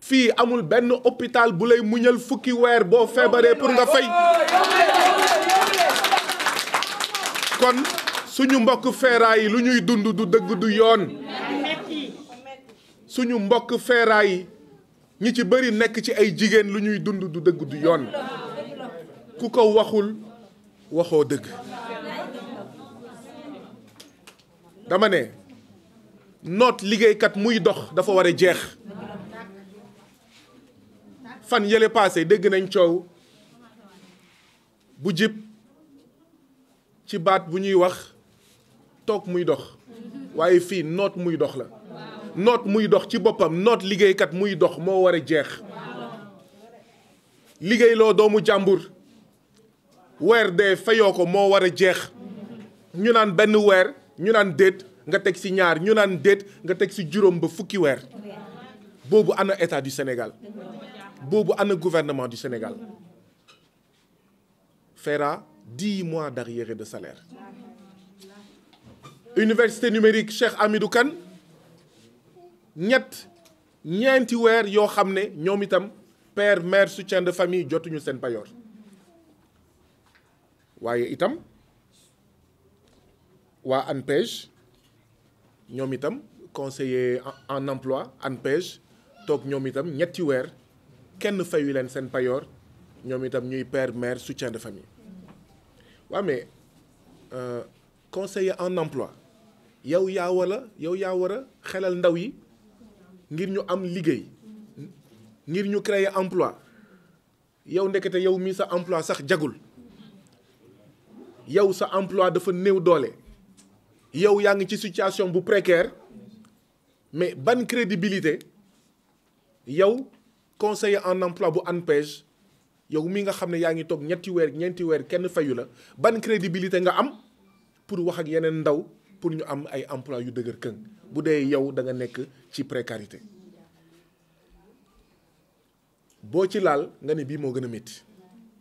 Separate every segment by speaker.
Speaker 1: fii amul benn hôpital bu lay muñal fukki weer boo feebaree pour nga fay kon suñu mbokk ñuy dund mbokk feeraay yi ñi ci bëri nekk ci ay jigéen lu ñuy dund du dëgg du yoon ku ko waxul waxoo dëgg dama ne noot liggéeykat muy dox dafa war a jeex fan yële paase dégg nañ coow bu jib ci baat bu ñuy wax toog muy dox waaye fii noot muy dox la noot muy dox ci boppam noot liggéeykat muy dox moo war a jeex liggéeyloo doomu jàmbur weer dee fayoo ko moo war a jeex ñu naan benn weer ñu naan déet nga teg ci ñaar ñu naan déet nga teg ci juróom ba fukki weer boobu ana état du Sénégal boobu ana gouvernement du Sénégal fera dix mois d'arriérés de salaire université numérique Cheikh du Kane ñett ñeenti weer yoo xam ne ñoom itam père mère soutien de famille jotuñu seen payoor waaye itam waa ANPEJ ñoom itam conseiller en emploi ANPEJ toog ñoom itam ñetti weer kenn fayu leen seen payoor ñoom itam ñuy père mère soutien de famille waaw ouais, mais euh, conseiller en emploi yow yaa war yow yaa war a xelal ndaw yi ngir ñu am liggéey ngir ñu créer emploi yow ndekete yow mii sa emploi sax jagul yow sa emploi dafa néew doole yow yaa ngi ci situation bu précaire mais ban crédibilité yow conseiller en emploi bu ANPEJ yow mi nga xam ne yaa ngi toog ñetti weer ñeenti weer kenn fayu la ban crédibilité nga am pour wax ak yeneen ndaw pour ñu am ay emploi yu dëgër këng bu dee yow da nga nekk ci précarité boo ci laal nga ne bii moo gën a métti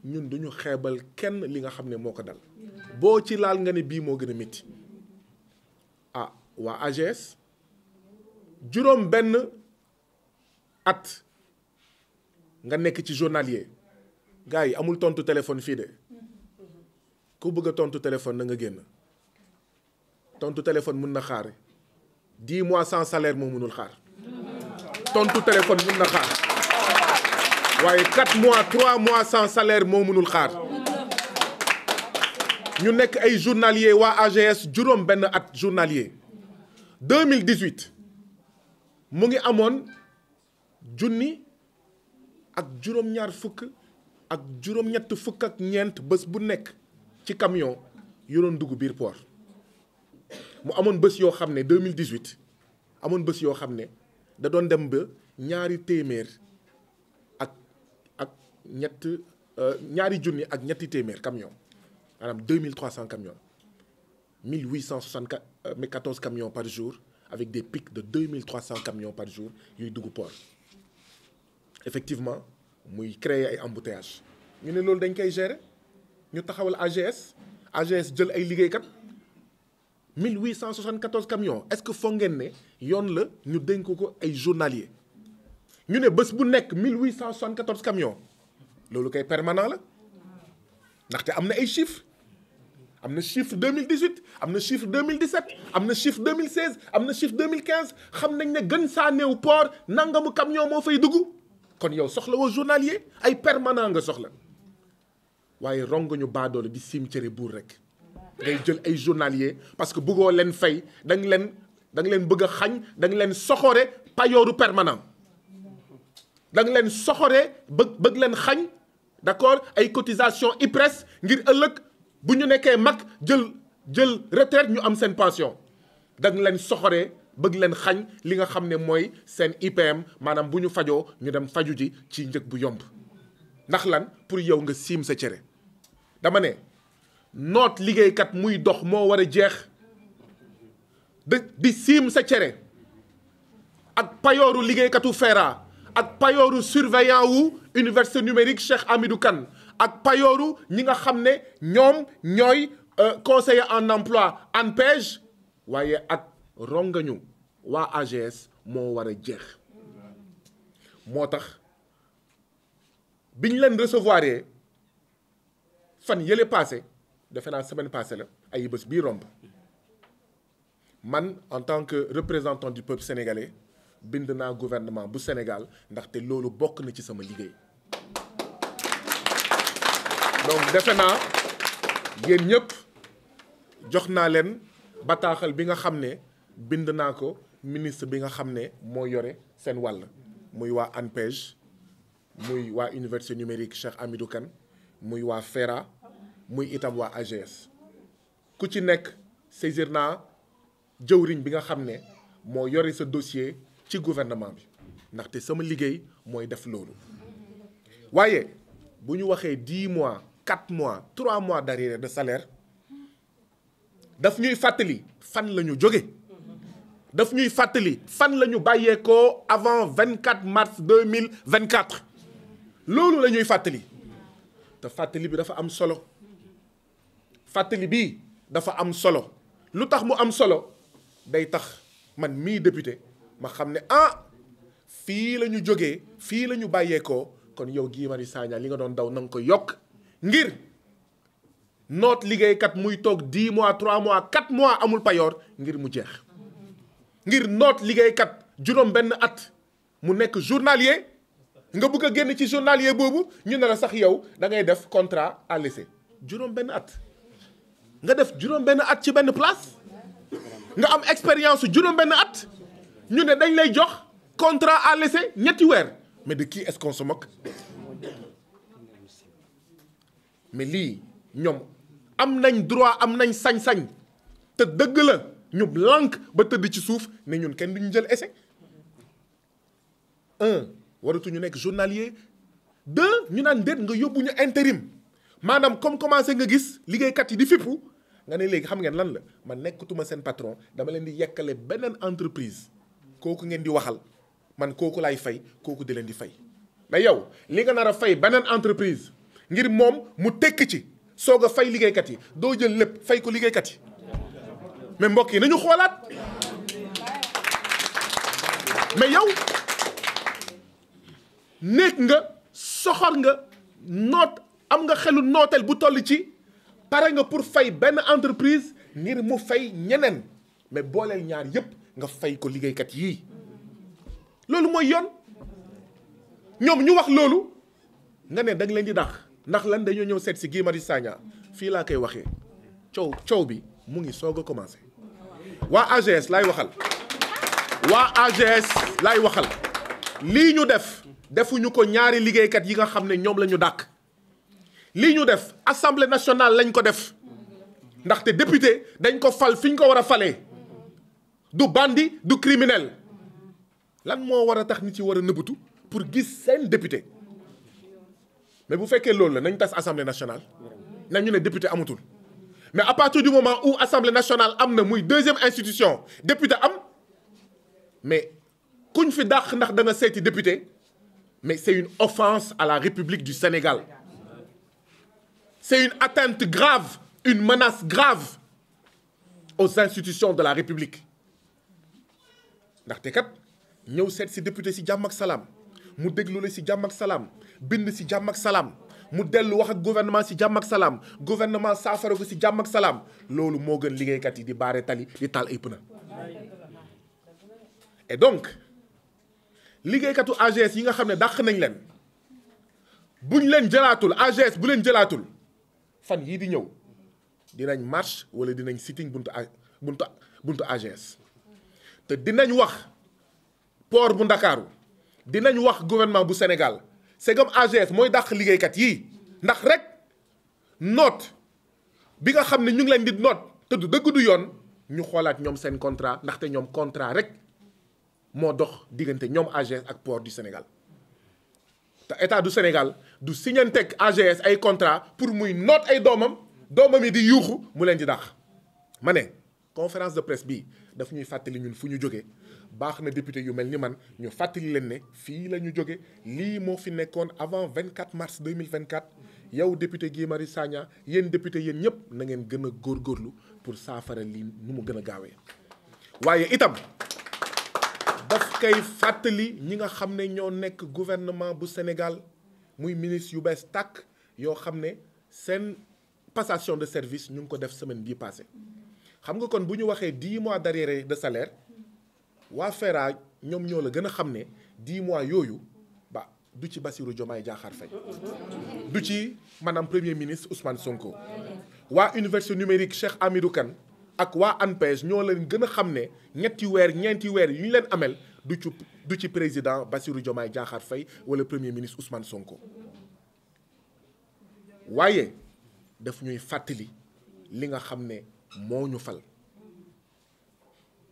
Speaker 1: ñun duñu xeebal kenn li nga xam ne moo ko dal boo ci laal nga ne bii moo gën a métti waa AGS juróom benn at nga nekk ci journalier gars yi amul tontu téléphone fii de ku bëgg a tontu téléphone na nga génn tontu téléphone mun na xaar dix mois sans salaire moo mënul xaar tontu téléphone mun na xaar waaye quatre mois trois mois sans salaire moo mënul xaar ñu nekk ay journalier waa AGS juróom benn at journalier deux mille dix huit mu ngi amoon junni ak juróom-ñaar fukk ak juróom-ñett fukk ak ñeent bés bu nekk ci camion yu doon dugg biir port mu amoon bés yoo xam ne deux mille dix huit amoon bés yoo xam ne da doon dem ba ñaari téeméer ak ak ñett euh, ñaari junni ak ñetti téeméer camion maanaam deux mille trois cent camion 1874 euh, camions par jour avec des pics de 2300 camions par jour yuy dugg port effectivement muy créer ay embouteillage ñu ne loolu dañ koy gérer ñu taxawal AGS AGS jël ay liggéeykat 1874 camions est-ce que foog ngeen ne yoon la ñu dénk ko ay journalier ñu ne bés bu nekk 1874 camions loolu kay permanent la ndaxte am na ay chiffres am na chiffre 2018 am na chiffre 2017 am na chiffre 2016 am na chiffre 2015 xam nañ ne gën saa néew port nangamu camion moo fay dugg kon yow soxla woo journalier ay permanent nga soxla waaye rongoñu baadoole di cimetière buur rek ngay jël ay journalier parce que bëggoo leen fay da leen da leen bëgg xañ da leen soxore payooru permanent da nga leen soxore bëgg bëgg leen xañ d'accord ay cotisation IPRES ngir ëllëg bu ñu nekkee mag jël jël retraite ñu am seen pension dañ leen soxoree bëgg leen xañ li nga xam ne mooy seen IPM maanaam bu ñu fajoo ñu dem faju ji ci njëg bu yomb ndax lan pour yow nga siim sa cere dama ne noot liggéeykat muy dox moo war a jeex da di siim sa cere ak payooru liggéeykatu feera ak payooru surveillant wu université numérique Cheikh Hamidou Kane ak payooru ñi nga xam ne ñoom ñooy euh, conseiller en emploi ANPEJ waaye ak rongañu waa AGS moo war a jeex moo tax biñ leen recevoir fan yële passé defe naa semaine passée la ay bés bii romb man en tant que représentant du peuple sénégalais bind naa gouvernement bu Sénégal ndaxte loolu bokk na ci sama liggéey donc defe naa yéen ñëpp jox naa leen bataaxal bi nga xam ne bind naa ko ministre bi nga xam ne moo yore seen wàll muy waa ANPEJ muy waa université numérique Cheikh Hamidou Kane muy waa FERA muy itam waa AGS ku ci nekk saisir naa jëwriñ bi nga xam ne moo yore sa dossier ci gouvernement bi ndaxte sama liggéey mooy def loolu waaye bu ñu waxee dix mois quatre mois trois mois d'arriérés de salaire daf ñuy fàttali fan la ñu jóge daf ñuy fàttali fan la ñu bàyyeekoo avant vingt quatre mars deux mille vingt quatre loolu la ñuy fàttali te fàttali bi dafa am solo fàttali bi dafa am solo lu tax mu am solo day tax man mii député ma xam ne ah fii la ñu jógee fii la ñu bàyyeekoo kon yow Guy mari Sagna li nga doon daw na nga ko yokk ngir noot liggéeykat muy toog di mois trois mois 4 mois amul payoor ngir mu jeex ngir noot liggéeykat juróom benn at mu nekk journalier nga bugg a génn ci journalier boobu ñu ne la sax yow da ngay def contrat à l'essai juróom benn at nga def juróom benn at ci benn place nga am expérience juróom benn at ñu ne dañ lay jox contrat à ñetti weer mais de qui est-ce mais lii ñoom am nañ droit am nañ sañ-sañ te dëgg la ñu lànk ba tëdd ci suuf ne ñun kenn duñu jël essai un ñu nekk journalier deux ñu naan déet nga yóbbu ñu intérim maanaam comme commencé nga gis liggéeykat yi di fippu nga ne léegi xam ngeen lan la ma nekkatuma seen patron dama leen di yekkale beneen entreprise kooku ngeen di waxal man kooku laay fay kooku di leen di fay mais yow li nga nar a fay beneen entreprise ngir moom mu tekk ci soog a fay liggéeykat yi doo jël lépp fay ko liggéeykat yi mais mbokk yi nañu xoolaat mais yow néeg nga soxor nga noot am nga xelu nooteel bu toll ci pare nga pour fay benn entreprise ngir mu fay ñeneen mais booleel ñaar yépp nga fay ko liggéeykat yii loolu mooy yoon ñoom ñu wax loolu nga ne da nga leen di dàq ndax lan dañoo ñëw seet si Guy Marius Sagna fii laa koy waxee cow cow bi mu ngi soog a commencé waa AGS laay waxal waa AGS laay waxal lii ñu def defuñu ko ñaari liggéeykat yi nga xam ne ñoom lañu ñu lii ñu def assemblée nationale lañ ko def ndaxte député dañ ko fal fi ñu ko war a falee du bandi du criminel lan moo war a tax nit ci war a nëbbatu pour gis seen député mais bu fekkee loolu la nañ tas assemblée nationale nañu ne député amatul mais à partir du moment où assemblée nationale am na muy deuxième institution député am mais kuñ fi dàq ndax danga seeti député mais c'est une offense à la République du Sénégal c'est une atteinte grave une menace grave aux institutions de la République ndaxte kat ñëw seet ci député ci jàmm ak salaam mu déglu la ci jàmm ak salaam bind si jàmm ak salaam mu dellu wax ak gouvernement si jàmm ak salaam gouvernement saafara ko si jàmm ak salaam loolu moo gën liggéeykat yi di baare tali di taal ay na et donc liggéeykatu AGS yi nga xam ne dàq nañ leen buñ leen jëlaatul AGS bu leen jëlaatul fan yii di ñëw dinañ marche wala dinañ sitting buntu buntu buntu AGS te dinañ wax poor bu Ndakaaru dinañ wax gouvernement bu Sénégal segam AGS mooy dàq liggéeykat yi ndax rek noot bi nga xam ne ñu ngi leen di noot te du dëgg du yoon ñu xoolaat ñoom seen contrat ndaxte ñoom contrat rek moo dox diggante ñoom AGS ak port du Sénégal te état du Sénégal du signanteeg AGS ay contrat pour muy noot ay doomam doomam yi di yuuxu mu leen di dàq ma ne conférence de presse bi daf ñuy fàttali ñun fu ñu jógee baax na député yu mel ni man ñu fàttali leen ne fii la ñu jóge lii moo fi nekkoon avant 24 mars 2024 yow député Guy Marius Sagna yéen député yéen ñëpp na ngeen gën a góorgóorlu pour saafara lii nu mu gën a gaawee. waaye itam daf koy fàttali ñi nga xam ne ñoo nekk gouvernement bu Sénégal muy ministre yu bees tàkk yoo xam ne seen passation de service ñu ngi ko def semaine bii passée xam nga kon bu ñu waxee di mois d'arriérés de salaire. waa FERA ñoom ñoo la gën a xam ne dix mois yooyu ba du ci Bassirou Diomaye Diakhar Faye du ci maanaam premier ministre Ousmane Sonko waa université numérique Cheikh Hamidou Kane ak waa ANPEJ ñoo leen gën a xam ne ñetti weer ñeenti weer yu ñu leen ameel du ci du ci président Bassirou Diomaye jaaxaar Faye wala premier ministre Ousmane Sonko waaye daf ñuy fàttali li nga xam ne moo ñu fal.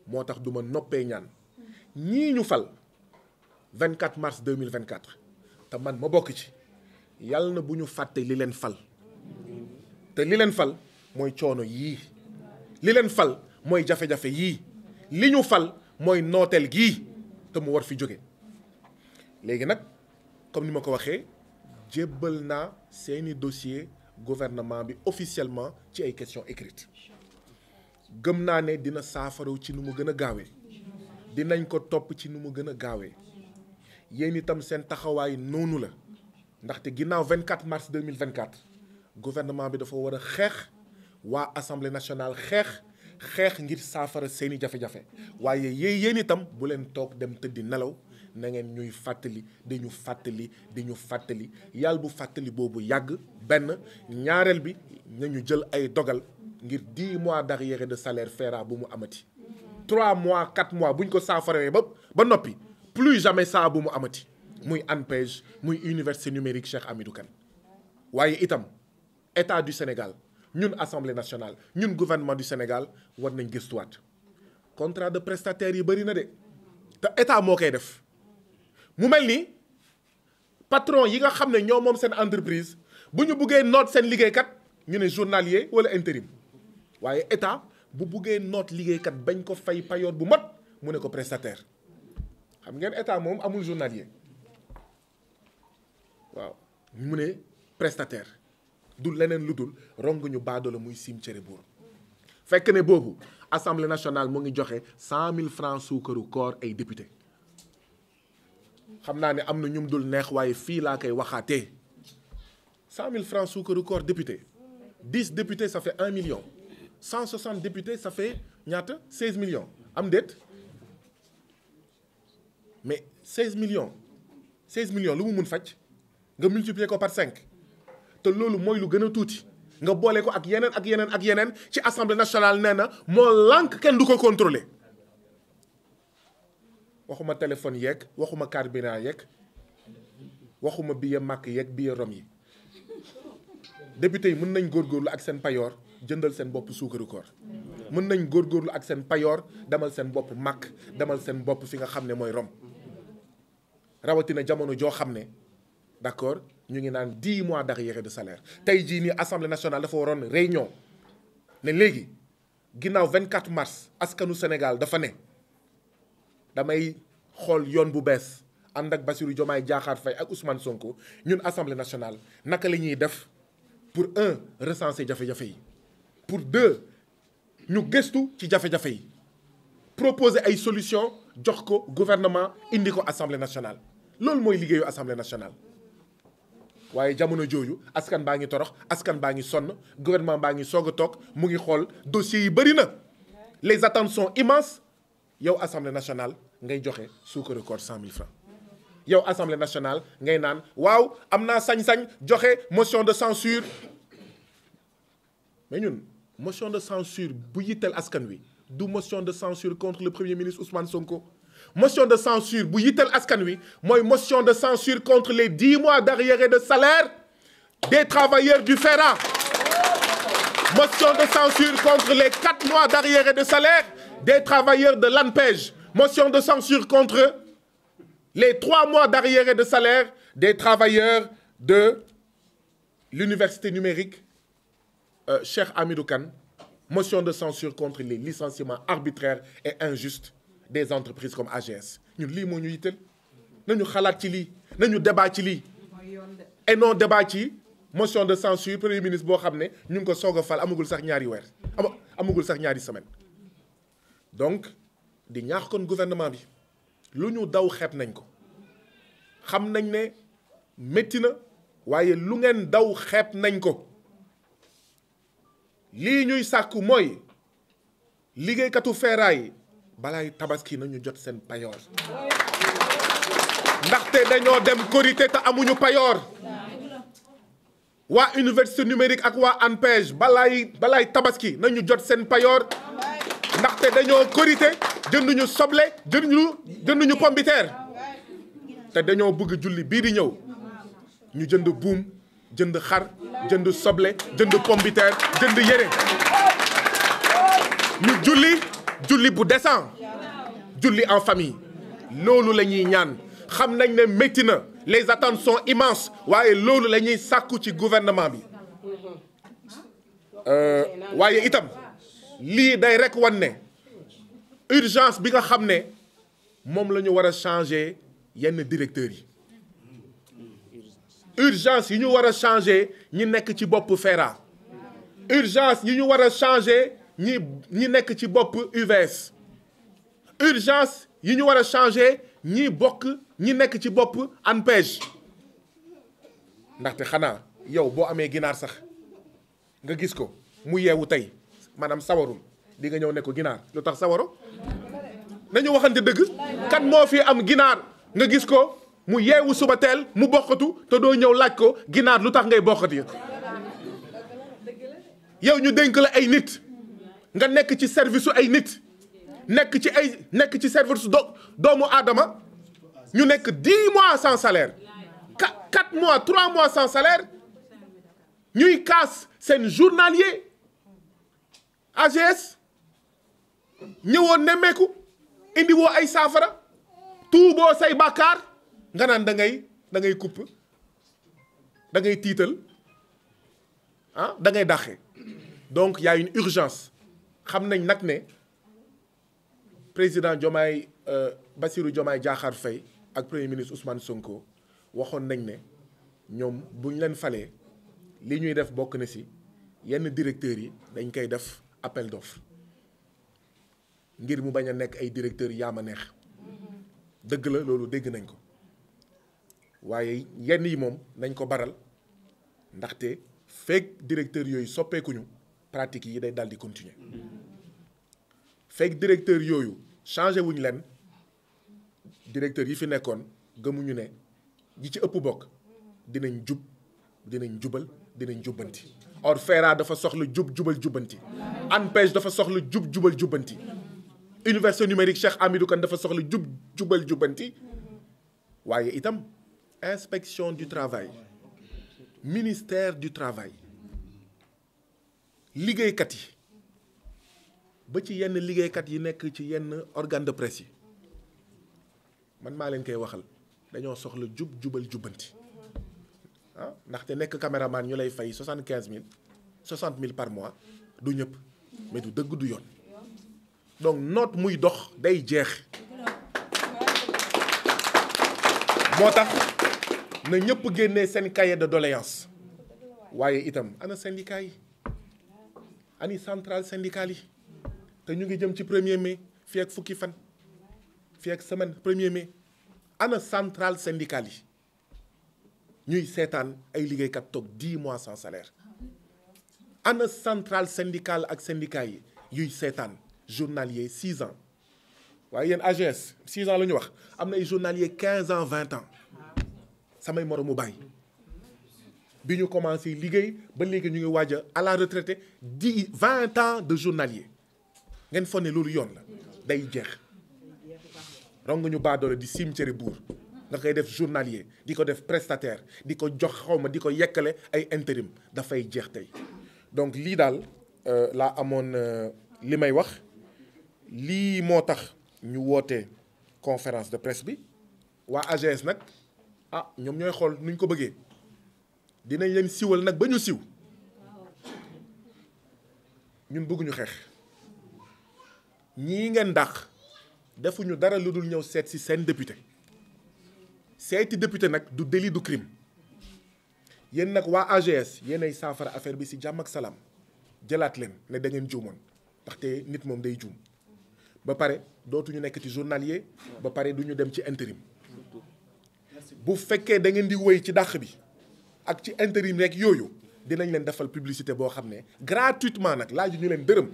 Speaker 1: moo tax du ma noppee ñaan ñii ñu fal 24 mars 2024 te man ma bokk ci yàlla na bu ñu fàtte li leen fal te li leen fal mooy coono yii li leen fal mooy jafe-jafe yii li ñu fal mooy nooteel gii te mu war fi jóge léegi nag comme ni ma ko waxee jébbal naa seeni dossier gouvernement bi officiellement ci ay questions écrites gëm naa ne dina saafaraw ci nu mu gën a gaawee dinañ ko topp ci nu mu gën a gaawee yéen itam seen taxawaay noonu la ndaxte ginnaaw 24 mars 2024 gouvernement bi dafa war a xeex waa assemblée nationale xeex xeex ngir saafara seeni jafe-jafe waaye yéen yéen itam bu leen toog dem tëddi nelaw na ngeen ñuy fàttali di ñu fàttali di ñu fàttali yàlla bu fàttali boobu yàgg benn ñaareel bi ñu jël ay dogal. ngir dix mois d'arriéré de salaire feera bu mu amati trois mois quatre mois bu ñu ko saafaree ba ba noppi plus jamais saa bu mu amati muy ANPEJ muy université numérique Cheikh Hamidou Kane waaye itam état du Sénégal ñun assemblée nationale ñun gouvernement du Sénégal war nañ gëstuwaat contrat de prestataire yi bëri na de te état moo koy def mu mel ni patron yi nga xam ne ñoo moom seen entreprise bu ñu buggee noot seen liggéeykat ñu ne journalier wala intérim waaye état bu buggee noot liggéeykat bañ ko fay payoor bu mat mu ne ko prestataire xam ngeen état moom amul journalier waaw mu ne prestataire du leneen lu dul rong ñu baadoola muy sim cere buur fekk ne boobu assemblée nationale mu ngi joxe cent mille francs suukaru koor ay député xam naa ne am na ñum dul neex waaye fii laa koy waxaatee cent mille francs suukaru koor député dix députés ça fait un million 160 députés ça fait ñaata 16 million am déet mais 16 millions 16 millions lu mu mun faj nga multiplier ko par cinq te loolu mooy lu gën a tuuti nga boole ko ak yeneen ak yeneen ak yeneen ci assemblée nationale nee na moo lànk kenn du ko contrôler waxuma téléphone yeeg waxuma carburant yeeg waxuma billet màkk yeeg billet rom yi député yi mën nañ góor góorlu ak seen payoor. jëndal seen bopp suukaru koor mën nañ góor góorgóorlu ak seen payoor demal seen bopp màkk demal seen bopp fi nga xam ne mooy rom rawatina jamono joo xam ne d'accord ñu ngi naan dix mois d'arriérés de salaire tey jii nii assemblée nationale dafa waroon réunion ne léegi ginnaaw 24 mars askanu Sénégal dafa ne damay xool yoon bu bees ànd ak Bassirou Diomaye Diakhar fay ak Ousmane Sonko ñun assemblée nationale naka la ñuy def pour un recenser jafe-jafe yi. pour deux ñu gëstu ci jafe-jafe yi proposer ay solution jox ko gouvernement indi ko assemblée nationale loolu mooy liggéeyu assemblée nationale waaye jamono jooju askan baa ngi torox askan baa ngi sonn gouvernement baa ngi soog a toog mu ngi xool dossiers yi bëri na les attentes sont immenses yow assemblée nationale ngay joxe suukaru koor cent mille francs yow assemblée nationale ngay naan waaw am naa sañ-sañ joxe motion de censure mais ñun motion de censure bu yitteel askan wi du motion de censure contre le premier ministre Ousmane Sonko motion de censure bu yitteel askan wi mooy motion de censure contre les dix mois d'arriérés de salaire des travailleurs du FERA motion de censure contre les quatre mois d'arriérés de salaire des travailleurs de l'ANPEJ motion de censure contre les trois mois d'arriérés de salaire des travailleurs de l'université numérique Euh, Cheikh Hamidou Kane motion de censure contre les licenciements arbitraires et injustes des entreprises comme AGS ñun lii moo ñu yitteel nañu xalaat ci lii nañu débat ci lii et non débat ci motion de censure premier ministre boo xam ne ñu ngi ko soog a fal amagul sax ñaari weer amagul sax ñaari semaine donc di ñaax kon gouvernement bi lu ñu daw xeeb nañ ko xam nañ ne métti na waaye lu ngeen daw xeeb nañ ko lii ñuy sàkku mooy liggéeykatu feeraay yi balaay tabaski nañu jot seen payoor ndaxte dañoo dem korité te amuñu payoor waa université numérique ak waa ANPEJ balaay balaay tabaski nañu jot seen payoor ndaxte dañoo korité jënduñu soble jënduñu jënduñu pombiteer te dañoo bëgg julli bii di ñëw ñu jënd buum jënd xar jënd soble jënd pombiteer jënd yére ñu julli julli bu desans julli en famille loolu la ñuy ñaan xam nañ ne métti na les attentes sont immenses waaye loolu la ñuy sàkku ci gouvernement bi euh, waaye itam lii day rek wan ne urgence bi nga xam ne moom la ñu war a changer yenn directeurs yi urgence yi ñu war a changer ñi nekk ci bopp FERA urgence yi ñu war a changer ñi ñi nekk ci bopp UVS urgence yi ñu war a changer ñi bokk ñi nekk ci bopp ANPEJ ndaxte xanaa yow boo amee ginaar sax nga gis ko mu yeewu tey maanaam sawarul di nga ñëw ne ginaar lu tax sawaro nañu waxante dëgg kan moo fi am ginaar nga gis ko mu yeewu suba teel mu bokkatu te doo ñëw laaj ko ginaar lu tax ngay bokkati yow ñu dénk la ay nit nga nekk ci service ay nit nekk ci ay nekk ci service do doomu aadama ñu nekk dix mois sans salaire quatre mois trois mois sans salaire ñuy kaas seen journalier AGS ñëwoon nemmeeku indi ay saafara tuuboo say bàkkaar nga naan da ngay da ngay coupe da ngay tiital ah da ngay dàqe donc y a urgence xam nañ nag ne président Diomaye euh, Bassirou Diomaye Diakhar Faye ak premier ministre Ousmane Sonko waxoon nañ ne ñoom bu ñu leen falee li ñuy def bokk na si yenn directeurs yi dañ koy def appel d'offre ngir mu bañ a nekk ay directeurs yaa ma neex dëgg la loolu dégg nañ ko waaye yenn yi moom nañ ko baral ndaxte feek directeur yooyu soppeekuñu pratique yi day daal di continuer fekk directeur yooyu changé wuñ leen directeur yi fi nekkoon gëmuñu ne yi ci ëpp bokk dinañ jub dinañ jubal dinañ jubbanti or FERA dafa soxla jub jubal jubbanti ANPEJ dafa soxla jub jubal jubbanti université numérique Cheikh Hamidou dafa soxla jub jubal jubbanti waaye itam inspection du travail ministère du travail liggéeykat yi ba ci yenn liggéeykat yi nekk ci yenn organe de presse yi man maa leen koy waxal dañoo soxla jub jubal jubbanti ah, ndaxte nekk caméraman ñu lay fay soixante quinze mille soixante mille par mois du ñëpp mais dëgg du yoon noot muy dox day jeex moo tax na ñëpp génnee seen cahier de doléance waaye itam ana syndicat yi ani centrale syndicale yi te ñu ngi jëm ci premier mai fii ak fukki fan fi ak semaine premier mai ana centrale syndicale yi ñuy seetaan ay liggéeykat toog dix mois sans salaire ana central syndicale ak syndicat yi yuy seetaan journalier six ans waaye yéen AGS six ans la ñu wax am na ay journalier quinze ans vingt ans samay moromu bàyyi bi ñu commencé liggéey ba léegi ñu ngi waaj a à la retraité di vingt ans de journalier ngeen foog ne loolu yoon la day jeex rong ñu baadoole di siim cëri buur nga koy def journalier di ko def prestataire di ko jox xawma di ko yekkale ay intérim dafay jeex tey donc lii daal euh, laa amoon euh, li may wax lii moo tax ñu woote conférence de presse bi waa AGS nag ah ñoom ñooy xool nuñ ko bëggee dinañ leen siwal nag ba ñu siw ñun bëgguñu xeex ñii ngeen dàq defuñu dara lu dul ñëw seet si seen député seeti député nag du délit du crime yéen nag waa AGS yéenay saafara affaire bi si jàmm ak salaam jëlaat leen ne da ngeen juumoon ndaxte nit moom day juum ba pare dootuñu nekk ci journalier ba pare du ñu dem ci intérim bu fekkee da ngeen di wéy ci dàq bi ak ci intérim rek yooyu dinañ leen defal publicité boo xam ne gratuitement nag laaj ñu leen dërëm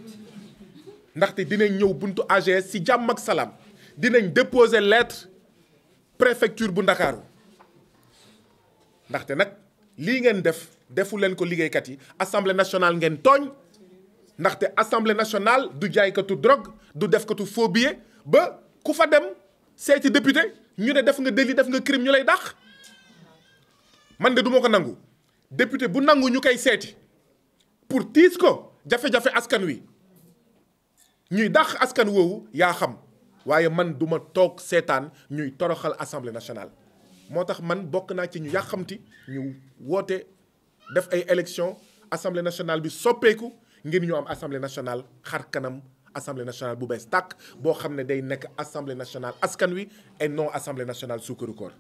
Speaker 1: ndaxte dinañ ñëw buntu age si jàmm ak salaam dinañ déposé lettre préfecture bu Ndakaaru ndaxte nag lii ngeen def defu leen ko liggéeykat yi assemblée nationale ngeen tooñ ndaxte assemblée nationale du jaaykatu drogue du defkatu faux billet ba ku fa dem seeti député ñu ne def nga délit def nga crime ñu lay dàq man de duma ko nangu député bu nangu ñu koy seeti pour tiis ko jafe-jafe askan wi ñuy dàq askan woowu yaa xam waaye man duma toog seetaan ñuy toroxal assemblée nationale. moo tax man bokk naa ci ñu yàqamti ñu woote def ay élections assemblée nationale bi soppeeku ngir ñu am assemblée nationale xar kanam. assemblée nationale bu bees tàkk boo xam ne day nekk assemblée nationale askan wi et non assemblée nationale sukkaru koor